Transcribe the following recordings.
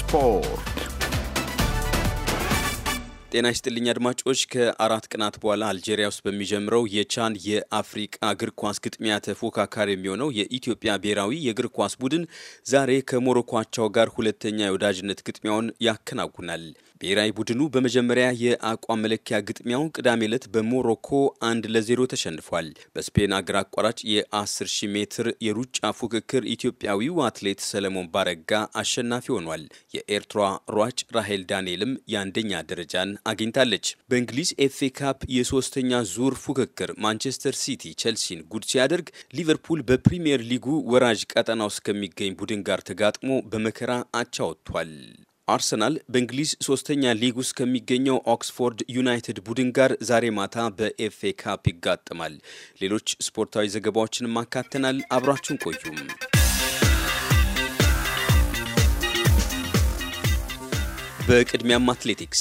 spor. ጤና ይስጥልኝ አድማጮች። ከአራት ቀናት በኋላ አልጄሪያ ውስጥ በሚጀምረው የቻን የአፍሪቃ እግር ኳስ ግጥሚያ ተፎካካሪ የሚሆነው የኢትዮጵያ ብሔራዊ የእግር ኳስ ቡድን ዛሬ ከሞሮኳቸው ጋር ሁለተኛ የወዳጅነት ግጥሚያውን ያከናውናል። ብሔራዊ ቡድኑ በመጀመሪያ የአቋም መለኪያ ግጥሚያው ቅዳሜ ዕለት በሞሮኮ አንድ ለዜሮ ተሸንፏል። በስፔን አገር አቋራጭ የ10 ሺህ ሜትር የሩጫ ፉክክር ኢትዮጵያዊው አትሌት ሰለሞን ባረጋ አሸናፊ ሆኗል። የኤርትራ ሯጭ ራሄል ዳንኤልም የአንደኛ ደረጃን አግኝታለች። በእንግሊዝ ኤፍኤ ካፕ የሶስተኛ ዙር ፉክክር ማንቸስተር ሲቲ ቸልሲን ጉድ ሲያደርግ፣ ሊቨርፑል በፕሪምየር ሊጉ ወራጅ ቀጠና ውስጥ ከሚገኝ ቡድን ጋር ተጋጥሞ በመከራ አቻ ወጥቷል። አርሰናል በእንግሊዝ ሶስተኛ ሊግ ውስጥ ከሚገኘው ኦክስፎርድ ዩናይትድ ቡድን ጋር ዛሬ ማታ በኤፍኤ ካፕ ይጋጥማል። ሌሎች ስፖርታዊ ዘገባዎችንም አካተናል። አብራችሁን ቆዩም። በቅድሚያም አትሌቲክስ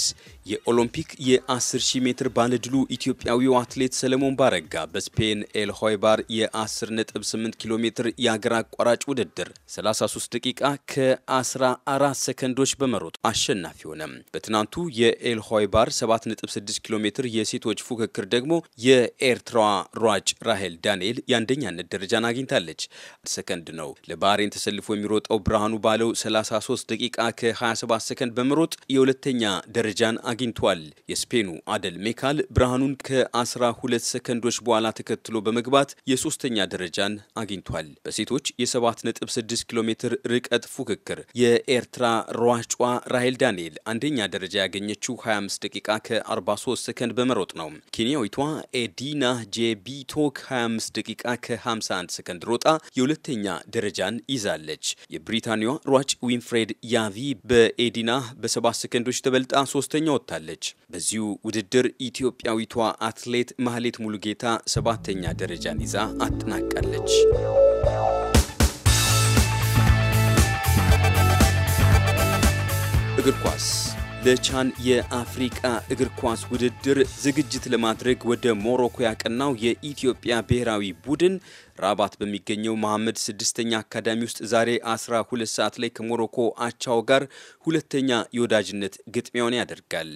የኦሎምፒክ የ10 ሺህ ሜትር ባለድሉ ኢትዮጵያዊው አትሌት ሰለሞን ባረጋ በስፔን ኤል ሆይባር የ10.8 ኪሎ ሜትር የአገር አቋራጭ ውድድር 33 ደቂቃ ከ14 ሰከንዶች በመሮጥ አሸናፊ ሆነ። በትናንቱ የኤል ሆይባር 7.6 ኪሎ ሜትር የሴቶች ፉክክር ደግሞ የኤርትራዋ ሯጭ ራሄል ዳንኤል የአንደኛነት ደረጃን አግኝታለች። ሰከንድ ነው። ለባህሬን ተሰልፎ የሚሮጠው ብርሃኑ ባለው 33 ደቂቃ ከ27 ሰከንድ በመሮጥ የሁለተኛ ደረጃን አግኝቷል። የስፔኑ አደል ሜካል ብርሃኑን ከ12 ሰከንዶች በኋላ ተከትሎ በመግባት የሶስተኛ ደረጃን አግኝቷል። በሴቶች የ7.6 ኪሎ ሜትር ርቀት ፉክክር የኤርትራ ሯጯ ራሄል ዳንኤል አንደኛ ደረጃ ያገኘችው 25 ደቂቃ ከ43 ሰከንድ በመሮጥ ነው። ኬንያዊቷ ኤዲና ጄቢቶክ 25 ደቂቃ ከ51 ሰከንድ ሮጣ የሁለተኛ ደረጃን ይዛለች። የብሪታንያ ሯጭ ዊንፍሬድ ያቪ በኤዲና በ7 ሰከንዶች ተበልጣ ሶስተኛ ወጥታለች። ወጥታለች። በዚሁ ውድድር ኢትዮጵያዊቷ አትሌት ማህሌት ሙሉጌታ ሰባተኛ ደረጃን ይዛ አጠናቃለች። እግር ኳስ ለቻን የአፍሪቃ እግር ኳስ ውድድር ዝግጅት ለማድረግ ወደ ሞሮኮ ያቀናው የኢትዮጵያ ብሔራዊ ቡድን ራባት በሚገኘው መሐመድ ስድስተኛ አካዳሚ ውስጥ ዛሬ 12 ሰዓት ላይ ከሞሮኮ አቻው ጋር ሁለተኛ የወዳጅነት ግጥሚያውን ያደርጋል።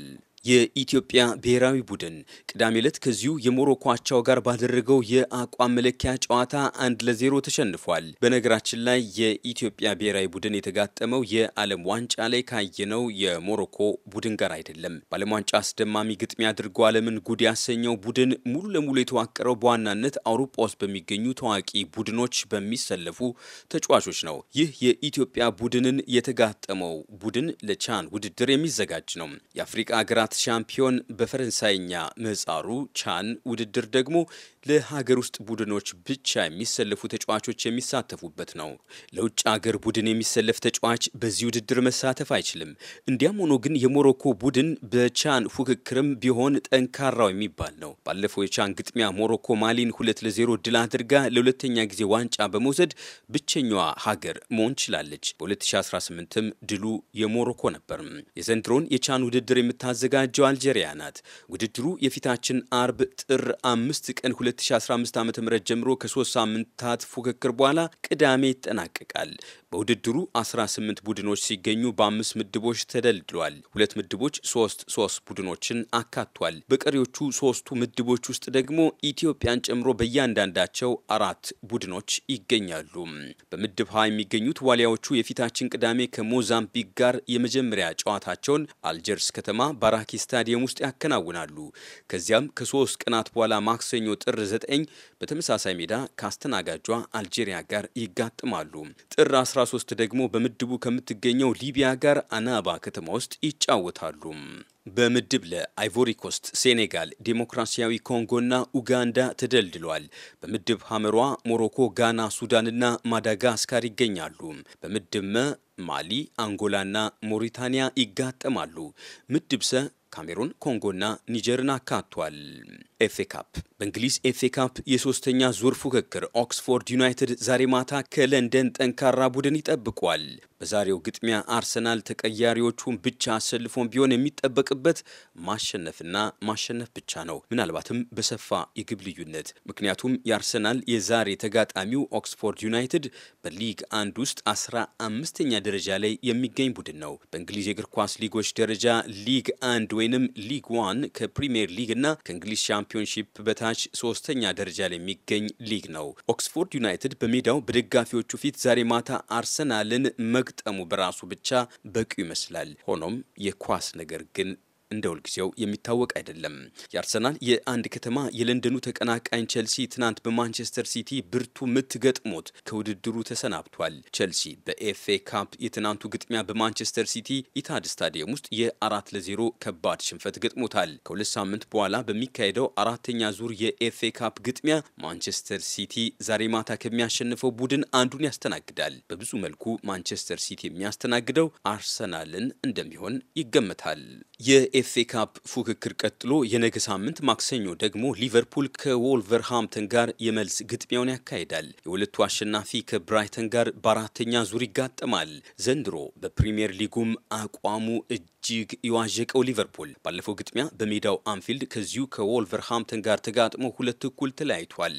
የኢትዮጵያ ብሔራዊ ቡድን ቅዳሜ ዕለት ከዚሁ የሞሮኮ አቻው ጋር ባደረገው የአቋም መለኪያ ጨዋታ አንድ ለዜሮ ተሸንፏል። በነገራችን ላይ የኢትዮጵያ ብሔራዊ ቡድን የተጋጠመው የዓለም ዋንጫ ላይ ካየነው የሞሮኮ ቡድን ጋር አይደለም። በዓለም ዋንጫ አስደማሚ ግጥሚያ አድርጎ ዓለምን ጉድ ያሰኘው ቡድን ሙሉ ለሙሉ የተዋቀረው በዋናነት አውሮፓ ውስጥ በሚገኙ ታዋቂ ቡድኖች በሚሰለፉ ተጫዋቾች ነው። ይህ የኢትዮጵያ ቡድንን የተጋጠመው ቡድን ለቻን ውድድር የሚዘጋጅ ነው። የአፍሪቃ ሀገራት የዓለማት ሻምፒዮን በፈረንሳይኛ ምህጻሩ ቻን ውድድር ደግሞ ለሀገር ውስጥ ቡድኖች ብቻ የሚሰለፉ ተጫዋቾች የሚሳተፉበት ነው። ለውጭ ሀገር ቡድን የሚሰለፍ ተጫዋች በዚህ ውድድር መሳተፍ አይችልም። እንዲያም ሆኖ ግን የሞሮኮ ቡድን በቻን ፉክክርም ቢሆን ጠንካራው የሚባል ነው። ባለፈው የቻን ግጥሚያ ሞሮኮ ማሊን ሁለት ለዜሮ ድል አድርጋ ለሁለተኛ ጊዜ ዋንጫ በመውሰድ ብቸኛዋ ሀገር መሆን ችላለች። በ2018ም ድሉ የሞሮኮ ነበር። የዘንድሮን የቻን ውድድር የምታዘጋ ያዘጋጀው አልጄሪያ ናት። ውድድሩ የፊታችን አርብ ጥር አምስት ቀን 2015 ዓ ም ጀምሮ ከሶስት ሳምንታት ፉክክር በኋላ ቅዳሜ ይጠናቀቃል። በውድድሩ 18 ቡድኖች ሲገኙ በአምስት ምድቦች ተደልድሏል። ሁለት ምድቦች ሶስት ሶስት ቡድኖችን አካቷል። በቀሪዎቹ ሶስቱ ምድቦች ውስጥ ደግሞ ኢትዮጵያን ጨምሮ በእያንዳንዳቸው አራት ቡድኖች ይገኛሉ። በምድብ ሀ የሚገኙት ዋሊያዎቹ የፊታችን ቅዳሜ ከሞዛምቢክ ጋር የመጀመሪያ ጨዋታቸውን አልጀርስ ከተማ ባራኪ ሮኪ ስታዲየም ውስጥ ያከናውናሉ። ከዚያም ከሶስት ቀናት በኋላ ማክሰኞ ጥር 9 በተመሳሳይ ሜዳ ከአስተናጋጇ አልጄሪያ ጋር ይጋጥማሉ። ጥር 13 ደግሞ በምድቡ ከምትገኘው ሊቢያ ጋር አናባ ከተማ ውስጥ ይጫወታሉ። በምድብ ለአይቮሪኮስት፣ ሴኔጋል፣ ዴሞክራሲያዊ ና ኡጋንዳ ተደልድሏል። በምድብ ሐመሯ ሞሮኮ፣ ጋና፣ ሱዳንና ማዳጋስካር ይገኛሉ። በምድብ መ ማሊ፣ አንጎላና ሞሪታንያ ይጋጠማሉ። ምድብ ሰ ካሜሩን፣ ኮንጎና ኒጀርን አካቷል። ኤፌ ካፕ በእንግሊዝ ኤፌ ካፕ የሶስተኛ ዙር ፉክክር ኦክስፎርድ ዩናይትድ ዛሬ ማታ ከለንደን ጠንካራ ቡድን ይጠብቋል። በዛሬው ግጥሚያ አርሰናል ተቀያሪዎቹን ብቻ አሰልፎን ቢሆን የሚጠበቅበት ማሸነፍና ማሸነፍ ብቻ ነው፣ ምናልባትም በሰፋ የግብ ልዩነት። ምክንያቱም የአርሰናል የዛሬ ተጋጣሚው ኦክስፎርድ ዩናይትድ በሊግ አንድ ውስጥ አስራ አምስተኛ ደረጃ ላይ የሚገኝ ቡድን ነው። በእንግሊዝ የእግር ኳስ ሊጎች ደረጃ ሊግ አንድ ወይንም ሊግ ዋን ከፕሪምየር እና ከእንግሊዝ ሻምፒዮንሺፕ በታች ሶስተኛ ደረጃ ላይ የሚገኝ ሊግ ነው። ኦክስፎርድ ዩናይትድ በሜዳው በደጋፊዎቹ ፊት ዛሬ ማታ አርሰናልን መግጠሙ በራሱ ብቻ በቂ ይመስላል። ሆኖም የኳስ ነገር ግን እንደ ሁልጊዜው የሚታወቅ አይደለም። የአርሰናል የአንድ ከተማ የለንደኑ ተቀናቃኝ ቸልሲ ትናንት በማንቸስተር ሲቲ ብርቱ ምት ገጥሞት ከውድድሩ ተሰናብቷል። ቸልሲ በኤፍኤ ካፕ የትናንቱ ግጥሚያ በማንቸስተር ሲቲ ኢታድ ስታዲየም ውስጥ የአራት ለዜሮ ከባድ ሽንፈት ገጥሞታል። ከሁለት ሳምንት በኋላ በሚካሄደው አራተኛ ዙር የኤፍኤ ካፕ ግጥሚያ ማንቸስተር ሲቲ ዛሬ ማታ ከሚያሸንፈው ቡድን አንዱን ያስተናግዳል። በብዙ መልኩ ማንቸስተር ሲቲ የሚያስተናግደው አርሰናልን እንደሚሆን ይገመታል። የኤፍ ካፕ ፉክክር ቀጥሎ የነገ ሳምንት ማክሰኞ ደግሞ ሊቨርፑል ከወልቨርሃምተን ጋር የመልስ ግጥሚያውን ያካሂዳል። የሁለቱ አሸናፊ ከብራይተን ጋር በአራተኛ ዙር ይጋጠማል። ዘንድሮ በፕሪምየር ሊጉም አቋሙ እጅግ የዋዠቀው ሊቨርፑል ባለፈው ግጥሚያ በሜዳው አንፊልድ ከዚሁ ከወልቨርሃምተን ጋር ተጋጥሞ ሁለት እኩል ተለያይቷል።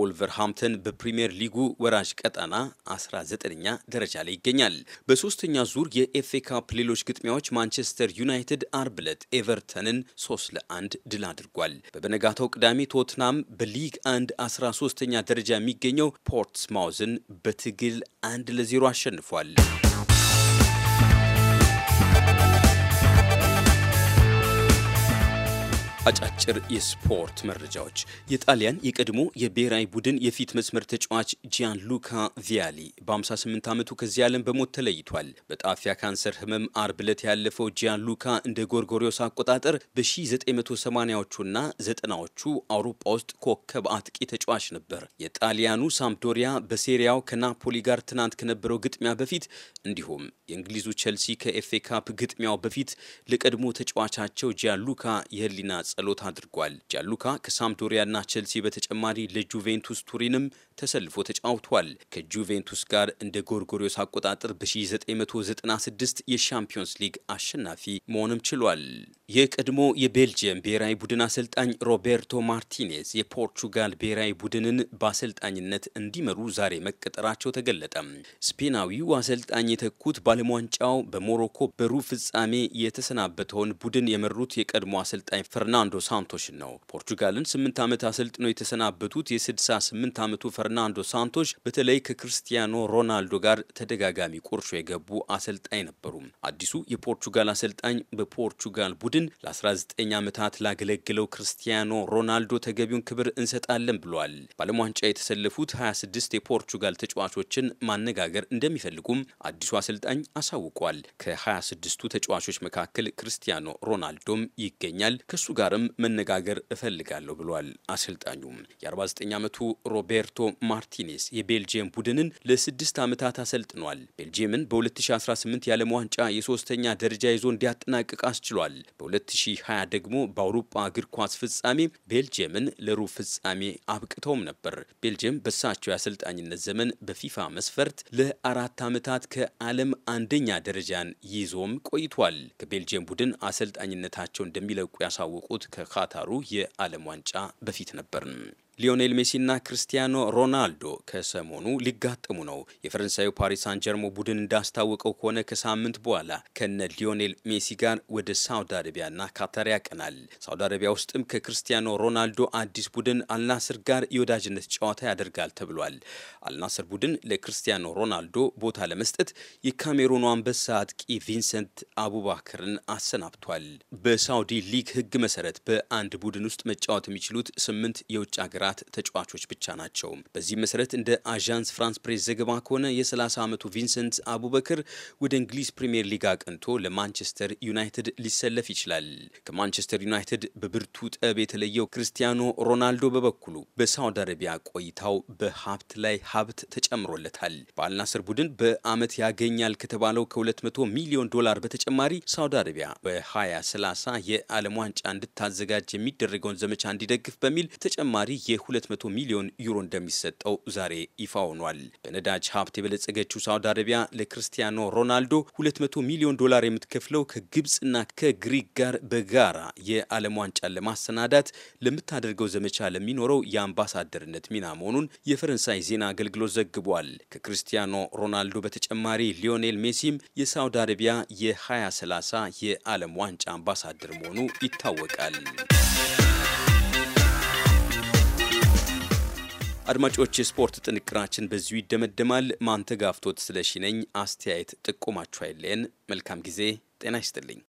ወልቨርሃምተን በፕሪምየር ሊጉ ወራጅ ቀጠና 19ኛ ደረጃ ላይ ይገኛል። በሶስተኛ ዙር የኤፍ ካፕ ሌሎች ግጥሚያዎች ማንቸስተር ዩናይትድ አርብ ዕለት ኤቨርተንን 3 ለአንድ ድል አድርጓል። በበነጋታው ቅዳሜ ቶትናም በሊግ አንድ 13ኛ ደረጃ የሚገኘው ፖርትስማውዝን በትግል አንድ ለዜሮ አሸንፏል። አጫጭር የስፖርት መረጃዎች። የጣሊያን የቀድሞ የብሔራዊ ቡድን የፊት መስመር ተጫዋች ጂያን ሉካ ቪያሊ በ58 ዓመቱ ከዚህ ዓለም በሞት ተለይቷል። በጣፊያ ካንሰር ህመም አርብ ዕለት ያለፈው ጂያን ሉካ እንደ ጎርጎሪዮስ አቆጣጠር በ1980ዎቹና ዘጠናዎቹ አውሮፓ ውስጥ ኮከብ አጥቂ ተጫዋች ነበር። የጣሊያኑ ሳምፕዶሪያ በሴሪያው ከናፖሊ ጋር ትናንት ከነበረው ግጥሚያ በፊት እንዲሁም የእንግሊዙ ቼልሲ ከኤፌካፕ ካፕ ግጥሚያው በፊት ለቀድሞ ተጫዋቻቸው ጂያን ሉካ የህሊና ጸሎት አድርጓል። ጃሉካ ከሳምፕዶሪያና ቼልሲ በተጨማሪ ለጁቬንቱስ ቱሪንም ተሰልፎ ተጫውቷል። ከጁቬንቱስ ጋር እንደ ጎርጎሪዮስ አቆጣጠር በ1996 የሻምፒዮንስ ሊግ አሸናፊ መሆንም ችሏል። የቀድሞ የቤልጅየም ብሔራዊ ቡድን አሰልጣኝ ሮቤርቶ ማርቲኔዝ የፖርቹጋል ብሔራዊ ቡድንን በአሰልጣኝነት እንዲመሩ ዛሬ መቀጠራቸው ተገለጠ። ስፔናዊው አሰልጣኝ የተኩት ባለሟንጫው በሞሮኮ በሩብ ፍጻሜ የተሰናበተውን ቡድን የመሩት የቀድሞ አሰልጣኝ ፈርና ፈርናንዶ ሳንቶሽን ነው። ፖርቹጋልን ስምንት ዓመት አሰልጥነው የተሰናበቱት የ68 ዓመቱ ፈርናንዶ ሳንቶሽ በተለይ ከክርስቲያኖ ሮናልዶ ጋር ተደጋጋሚ ቁርሾ የገቡ አሰልጣኝ ነበሩ። አዲሱ የፖርቹጋል አሰልጣኝ በፖርቹጋል ቡድን ለ19 ዓመታት ላገለግለው ክርስቲያኖ ሮናልዶ ተገቢውን ክብር እንሰጣለን ብሏል። በዓለም ዋንጫ የተሰለፉት 26 የፖርቹጋል ተጫዋቾችን ማነጋገር እንደሚፈልጉም አዲሱ አሰልጣኝ አሳውቋል። ከ26ቱ ተጫዋቾች መካከል ክርስቲያኖ ሮናልዶም ይገኛል። ከሱ ጋር ጋርም መነጋገር እፈልጋለሁ ብሏል። አሰልጣኙም የ49 ዓመቱ ሮቤርቶ ማርቲኔስ የቤልጅየም ቡድንን ለስድስት ዓመታት አሰልጥኗል። ቤልጅየምን በ2018 የዓለም ዋንጫ የሶስተኛ ደረጃ ይዞ እንዲያጠናቅቅ አስችሏል። በ2020 ደግሞ በአውሮፓ እግር ኳስ ፍጻሜ ቤልጅየምን ለሩብ ፍጻሜ አብቅተውም ነበር። ቤልጅየም በሳቸው የአሰልጣኝነት ዘመን በፊፋ መስፈርት ለአራት ዓመታት ከዓለም አንደኛ ደረጃን ይዞም ቆይቷል። ከቤልጅየም ቡድን አሰልጣኝነታቸው እንደሚለቁ ያሳወቁት ከካታሩ የዓለም ዋንጫ በፊት ነበርን። ሊዮኔል ሜሲና ክርስቲያኖ ሮናልዶ ከሰሞኑ ሊጋጠሙ ነው። የፈረንሳዩ ፓሪስ ሳን ጀርሞ ቡድን እንዳስታወቀው ከሆነ ከሳምንት በኋላ ከነ ሊዮኔል ሜሲ ጋር ወደ ሳውዲ አረቢያና ካታር ያቀናል። ሳውዲ አረቢያ ውስጥም ከክርስቲያኖ ሮናልዶ አዲስ ቡድን አልናስር ጋር የወዳጅነት ጨዋታ ያደርጋል ተብሏል። አልናስር ቡድን ለክርስቲያኖ ሮናልዶ ቦታ ለመስጠት የካሜሩኑ አንበሳ አጥቂ ቪንሰንት አቡባክርን አሰናብቷል። በሳውዲ ሊግ ሕግ መሰረት በአንድ ቡድን ውስጥ መጫወት የሚችሉት ስምንት የውጭ ሀገራት ሀገራት ተጫዋቾች ብቻ ናቸው። በዚህ መሰረት እንደ አዣንስ ፍራንስ ፕሬስ ዘገባ ከሆነ የ30 ዓመቱ ቪንሰንት አቡበክር ወደ እንግሊዝ ፕሪምየር ሊግ አቅንቶ ለማንቸስተር ዩናይትድ ሊሰለፍ ይችላል። ከማንቸስተር ዩናይትድ በብርቱ ጠብ የተለየው ክርስቲያኖ ሮናልዶ በበኩሉ በሳውዲ አረቢያ ቆይታው በሀብት ላይ ሀብት ተጨምሮለታል። በአልናስር ቡድን በአመት ያገኛል ከተባለው ከ200 ሚሊዮን ዶላር በተጨማሪ ሳውዲ አረቢያ በ2030 የዓለም ዋንጫ እንድታዘጋጅ የሚደረገውን ዘመቻ እንዲደግፍ በሚል ተጨማሪ የ የ200 ሚሊዮን ዩሮ እንደሚሰጠው ዛሬ ይፋ ሆኗል። በነዳጅ ሀብት የበለጸገችው ሳውዲ አረቢያ ለክርስቲያኖ ሮናልዶ 200 ሚሊዮን ዶላር የምትከፍለው ከግብፅና ከግሪክ ጋር በጋራ የዓለም ዋንጫን ለማሰናዳት ለምታደርገው ዘመቻ ለሚኖረው የአምባሳደርነት ሚና መሆኑን የፈረንሳይ ዜና አገልግሎት ዘግቧል። ከክርስቲያኖ ሮናልዶ በተጨማሪ ሊዮኔል ሜሲም የሳውዲ አረቢያ የ2030 የዓለም ዋንጫ አምባሳደር መሆኑ ይታወቃል። አድማጮች፣ የስፖርት ጥንቅራችን በዚሁ ይደመደማል። ማንተጋፍቶት ስለሺ ነኝ። አስተያየት ጥቆማችሁ አይለየን። መልካም ጊዜ። ጤና ይስጥልኝ።